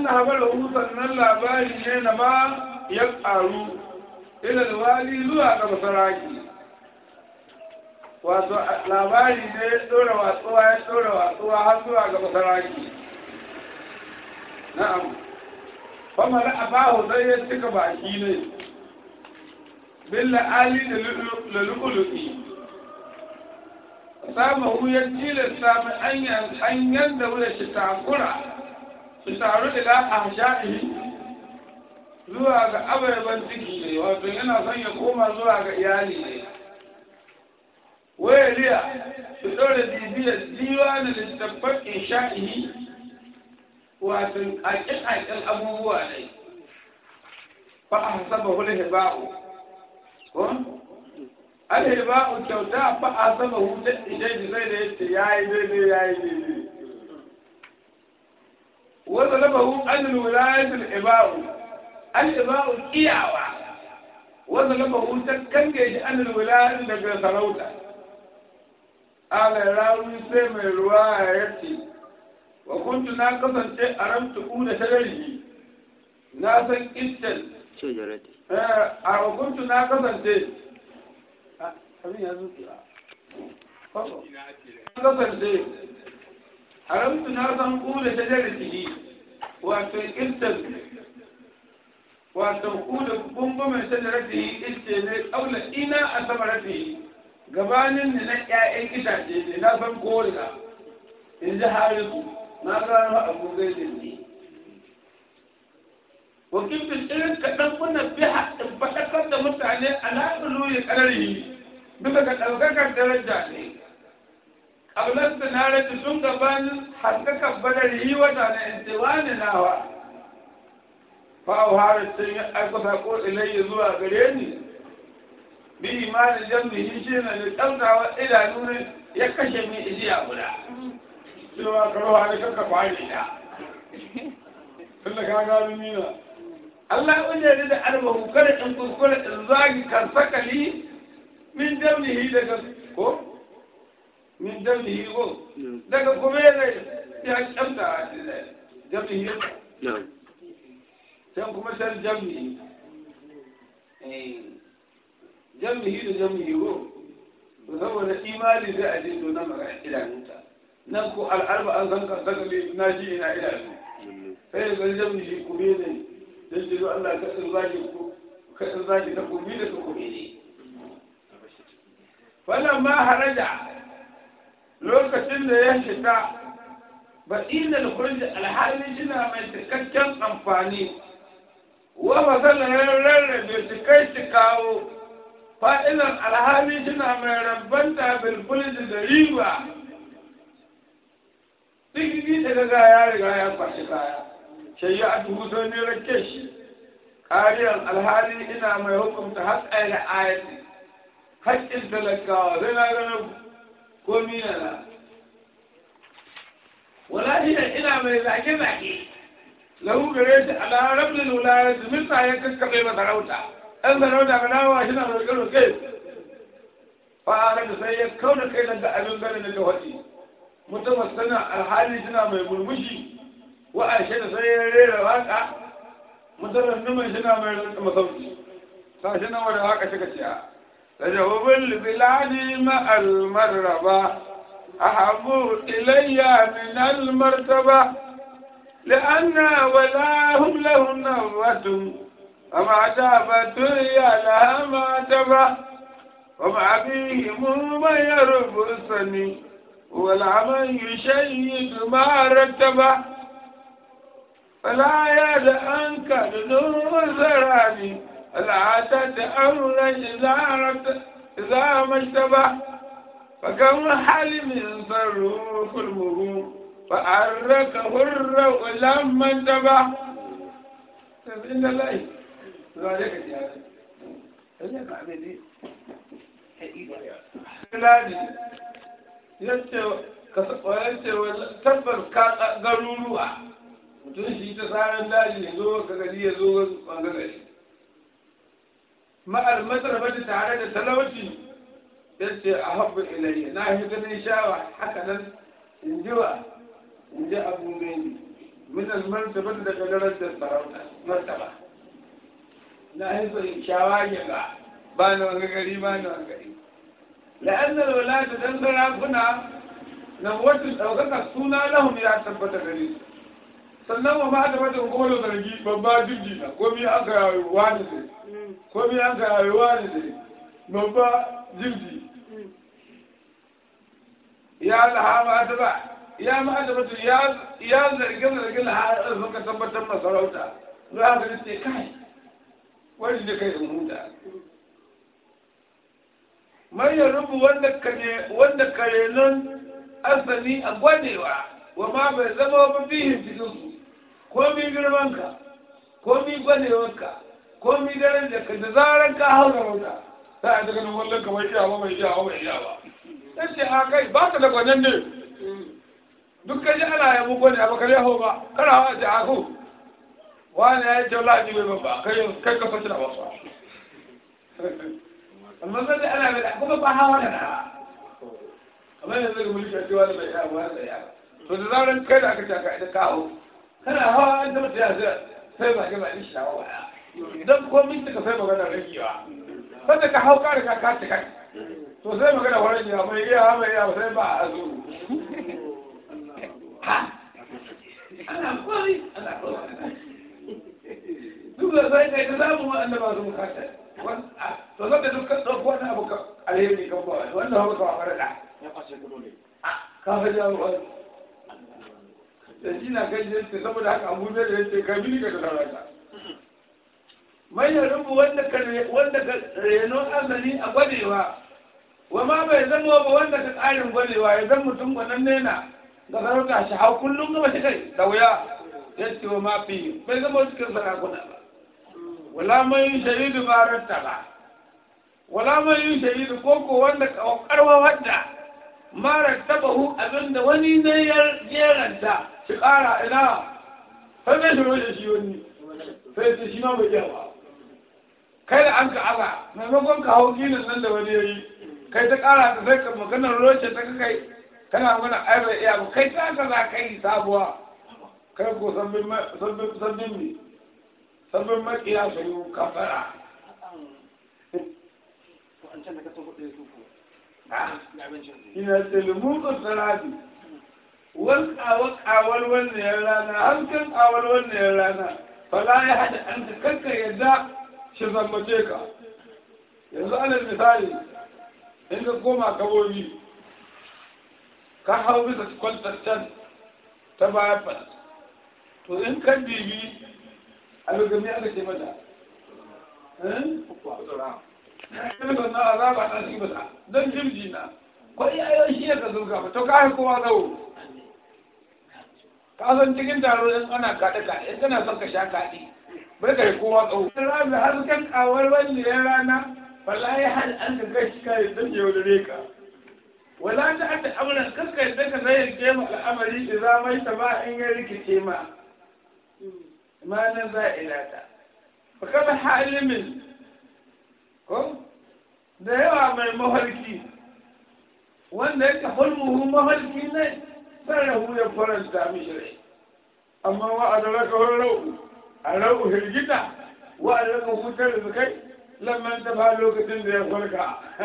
an na haɓar nan labari ne na ma ya ƙaru ilal wali zuwa ga masaraki wato labari ne ya tsora watsuwa ya tsora watsuwa har zuwa ga masaraki na'am kuma na abahu zai ya cika baki ne bin ali da lulukuluki samu huyar tilasta mai an da wuya shi takura su taru da la a zuwa ga abarban ciki ne wato yana son ya koma zuwa ga iyali ne waya riya su ɗora bibiyar diwa da littattafan insha'ihi wato aƙin-aƙin abubuwa ne fa a saba hulhe ba'u ko alhe ba'u kyauta fa a hasaba hulhe idan zai da yace yayi daidai yayi daidai وطلبه أن الولاية الإباء الإباء الإياوة وطلبه تكنجي أن الولاية التي سروتها قال راوي سيما الرواية وكنت ناقصا إيه أرمت أولى شجره ناسا إستل شجرتي آه، آه، وكنت ناقصا شيء إيه؟ أمين آه، يزوكي ناقصا إيه؟ أرمت ناسا أولى شجرته wato irtar wato kuda gungumin rafi ice ne aula ina a sama rafi gabanin ne na ƴaƴan itace ne na san korina in ji harisu na gano abu gai da ne wakil bin irin kaɗan kuna fi haɗin faɗakar da mutane a laɗin luyi ƙarari bisa ga ɗaukakar daraja ne abinan da na rage tun gaban haskakar badar yi wata na intiwani nawa fa a wahara sun yi aikata ko ilayya zuwa gare ni bi imanin jamni yi shi na ne ɗaukawa ya kashe min iji guda cewa karuwa ne kanka fari ya tun da kaga nuna Allah ya da arba hukar in kuskure in zagi karsakali min jamni daga ko من دمه هو لك قبيلة بحج أمتع عبد الله دمه نعم سنكم مثلا دمه دمه لدمه هو وهو الإيمان إذا أجد نمر إلى نتا نعم. نبكو الأربعة زنكا زنكا ناجينا إلى نتا فيقول دمه قبيلة تجد الله كأس الله كأن ذلك قبيلة قبيلة فلما هرجع lokacin da ya shiga ba ina da kurji alhali shina mai cikakken amfani wa ba zan rarrabe shi kai shi kawo fa'ilan alhali shina mai rabanta bilbulji da riba duk bi da daga ya riga ya fashi kaya shayi a dubu sau ne rake shi kariyar alhali ina mai hukunta haƙƙa da ayati haƙƙin talakawa zai na ganin ko minana wala shi ina mai zage-zage lahu gare shi ala rabbin wulayar su minta ya kaskaɓe masa rauta ɗan sarauta ga dawowa shi na roƙe-roƙe fa'ara da sai ya kauna kai daga abin gani da jawaci mutum sana alhali suna mai mulmushi wa a shi da sai ya rera waka mutum da numan suna mai masauki sa shi na wada waka shi ka ciya تجوب البلاد مع المربة أحب إلي من المرتبة لأن ولاهم له نوة وما تابت يا لها ما تبا ومع بهم ما يربصني ولا من يشيد ما رتبا فلا يد أنك لنور زراني العدد أمر إذا إذا ما اشتبه فكم من صروف المروم فأركه الروء لما انتبه طيب، إن الله ذلك يا إنك عبدي Filani yace tabbar ka garuruwa mutum shi ta tsarin daji ya zo ka gari ya zo ga gari ma'al matsarbati tare da talauci sai ce a haɓɓa ilayya na yi ganin shawa haka in ji wa in ji abu mai min almartaba daga darajar sarauta martaba na yi so shawa ya ba ba na wani gari ba na wani gari la'annar wala da dan sarakuna na ɗaukaka suna lahum ya tabbata gare sannan wa ma da wajen kolo zargi babba jirgi na ko biya aka yawo wani ne ko bi an ka arewa ne de ba jirgi ya ba ta ba ya ma ta ba ya ya zargin ha har ka tabbatar da sarauta za ka ce kai wani da kai da mai ya rubu wanda kare nan asali a gwadewa wa ma bai zama wa cikin cikinsu ko mi ka, ko mi ka. komi daren da ka da zaran ka haura wata za a daga nan wallon ka bai iya ba bai iya ba bai iya ba sai ce a kai ba ka da gwanin ne duk ka ji ana yabo ne a kare yaho ba kana wa ji ako wani ya yi jaula ji bai ba kai kai ka fasira ba fa amma sai ana mai da kuma ba hawa da na amma yanzu zai mulki a cewa da bai iya ba da iya to da zaran kai da aka ce ka da kawo kana hawa an tabbata ya sai ba ga ba ni shawara ba don komin suka sai magana ragewa sanda ka hau kare ka kace kai to sai magana wani ne mai iya mai iya sai ba a zo ana kwari ana kwari duk da sai kai da zamu wanda ba su mukata to zaka dukkan dauko wani abu ka alheri kan ba wannan haka ka fara da ka fa jawo wani da shi na kai da saboda haka abubuwa da yake kai bi da lalata mai ya wanda ka reno azali a gwadewa wa ma bai zama ba wanda ka ƙarin gwadewa ya zan mutum gwanan nena ga sarauta shi hau kullum gaba shi kai da wuya wa ma fi bai zama wasu kin sarakuna ba wala mai shahidu ba rasta ba wala mai shahidu ko ko wanda karwa wadda mara tabahu abinda wani ne ya jeranta shi ƙara ina sai zai shi wani sai shi ma mai yawa kai da an ka aza maimakon ka hau ginin nan da wani yayi kai ta ƙara ta sai ka maganar roce ta kai kana mana ai iya ba kai ta ka za ka yi sabuwa kai ko sabbin ne sabbin makiya su yi kafara ina tilimin kusurati wankawar wannan rana hankin kawar wannan rana fala ya hada an ka kakka yadda shi zambace ka yanzu alal misali in ka koma kabobi ka hau bisa kwaltattan ta baya fata to in kan bibi a lokacin aka ce mata Ƙirgin eh? na azaba ta shi bata don jirgi na, kwai yayon shi ya ka zurga ba, to kawai kowa zau Ka san cikin taro in ana kaɗe-kaɗe, in kana son ka sha kaɗe, barka da kowa tsawo rana har kan kawar wanda ya rana wallahi har an ka kai shi kai dan yau da reka wala da an da amana kaska yadda ka zai rike mu al'amari da za mai ta ba in ya rikice ma ma nan za ilata fa kama halimin ko da yawa mai mafarki wanda ya kafar muhu mafarki ne sai rahu ya faranta mishi rai amma wa a da raka الروح الجدع وأن لم يكن لما انتبه لوكة يقولك